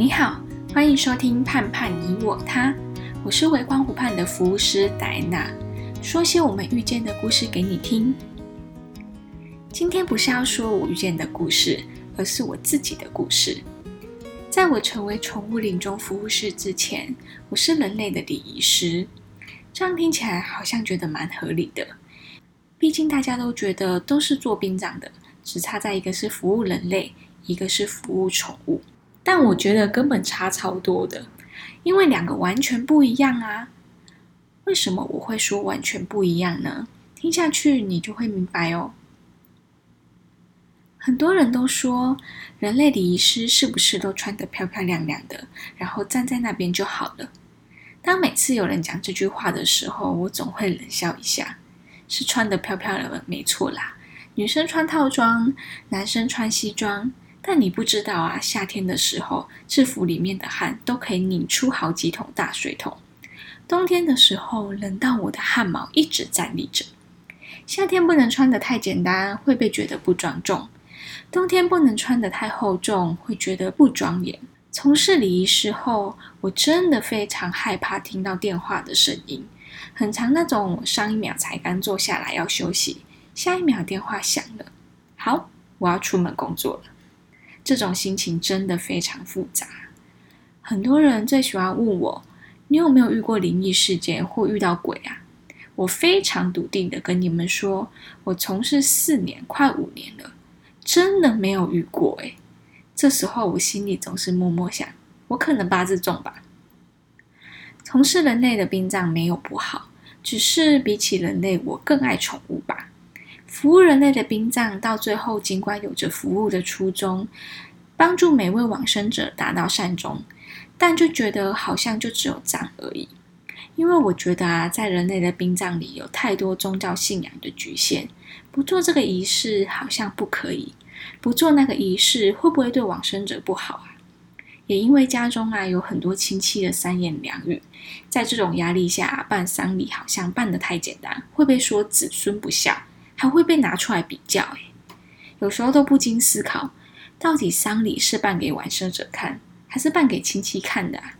你好，歡迎收聽《盼盼你我他》，我是微光湖盼的服務師戴娜，說些我們遇見的故事給你聽。今天不是要說我遇見的故事，而是我自己的故事。在我成為寵物臨終服務師之前，我是人類的禮儀師。這樣聽起來好像覺得蠻合理的，畢竟大家都覺得都是做殯葬的，只差在一個是服務人類，一個是服務寵物。但我覺得根本差超多的，因為兩個完全不一樣啊！為什麼我會說完全不一樣呢？聽下去你就會明白哦。很多人都說人類的禮儀師是不是都穿得漂漂亮亮的，然後站在那邊就好了？當每次有人講這句話的時候，我總會冷笑一下。是穿得漂漂亮亮沒錯啦，女生穿套裝，男生穿西裝。但你不知道啊，夏天的時候，製服裡面的汗都可以擰出好幾桶大水桶；冬天的時候，冷到我的汗毛一直站立着。夏天不能穿的太簡單，會被覺得不莊重；冬天不能穿的太厚重，會覺得不莊嚴。從事禮儀之後，我真的非常害怕聽到電話的聲音，很常那種我上一秒才剛坐下來要休息，下一秒電話響了，好，我要出門工作了。這種心情真的非常複雜。很多人最喜歡問我：“你有沒有遇過靈異事件或遇到鬼啊？”我非常篤定的跟你們說，我從事四年快五年了，真的沒有遇過。誒。這時候我心裡總是默默想：我可能八字重吧。從事人類的殯葬沒有不好，只是比起人類，我更愛寵物。服務人類的殯葬到最後，儘管有着服務的初衷，幫助每位往生者達到善終，但就覺得好像就只有葬而已。因為我覺得啊，在人類的殯葬裡有太多宗教信仰的局限，不做這個儀式好像不可以，不做那個儀式會不會對往生者不好啊？也因為家中啊有很多親戚的三言兩語，在這種壓力下辦喪禮，好像辦得太簡單，會被說子孫不孝。還會被拿出來比較誒。有時候都不禁思考，到底喪禮是辦給往生者看，還是辦給親戚看的啊？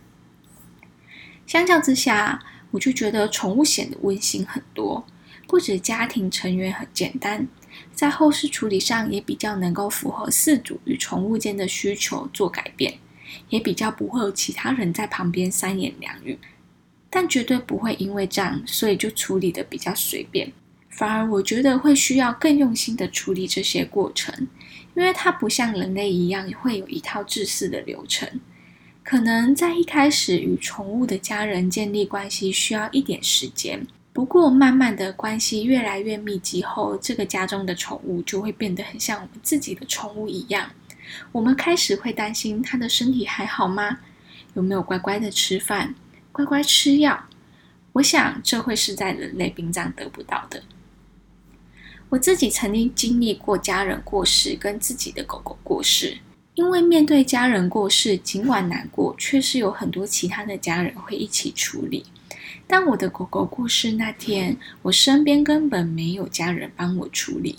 相較之下，我就覺得寵物顯得溫馨很多，不止家庭成員很簡單，在後事處理上也比較能夠符合飼主與寵物間的需求做改變，也比較不會有其他人在旁邊三言兩語，但絕對不會因為這樣，所以就處理得比較隨便。反而，我覺得會需要更用心的處理這些過程，因為它不像人類一樣會有一套制式的流程。可能在一開始與寵物的家人建立關係需要一點時間，不過慢慢的關係越來越密集後，這個家中的寵物就會變得很像我們自己的寵物一樣。我們開始會擔心他的身體還好嗎？有沒有乖乖的吃飯，乖乖吃藥？我想這會是在人類殯葬得不到的。我自己曾經經歷過家人過世跟自己的狗狗過世，因為面對家人過世，儘管難過，確實有很多其他的家人會一起處理。但我的狗狗過世那天，我身邊根本沒有家人幫我處理，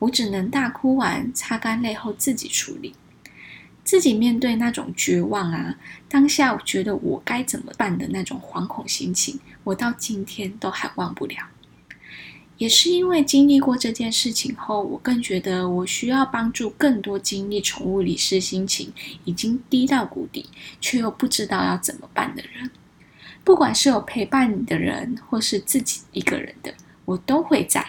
我只能大哭完，擦乾淚後自己處理。自己面對那種絕望啊，當下我覺得我該怎麼辦的那種惶恐心情，我到今天都還忘不了。也是因為經歷過這件事情後，我更覺得我需要幫助更多經歷寵物離世、心情已經低到谷底卻又不知道要怎麼辦的人。不管是有陪伴你的人，或是自己一個人的，我都會在，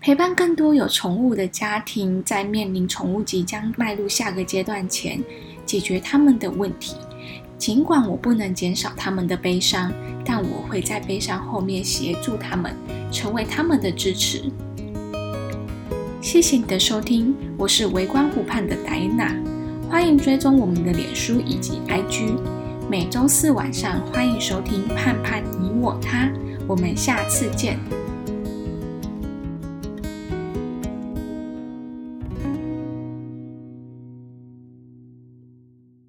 陪伴更多有寵物的家庭，在面臨寵物即將邁入下個階段前，解決他們的問題。儘管我不能減少他們的悲傷，但我會在悲傷後面協助他們，成為他們的支持。謝謝你的收聽，我是微光湖盼的戴娜，歡迎追蹤我們的臉書以及 IG。每周四晚上歡迎收聽《盼盼你我他》，我們下次見。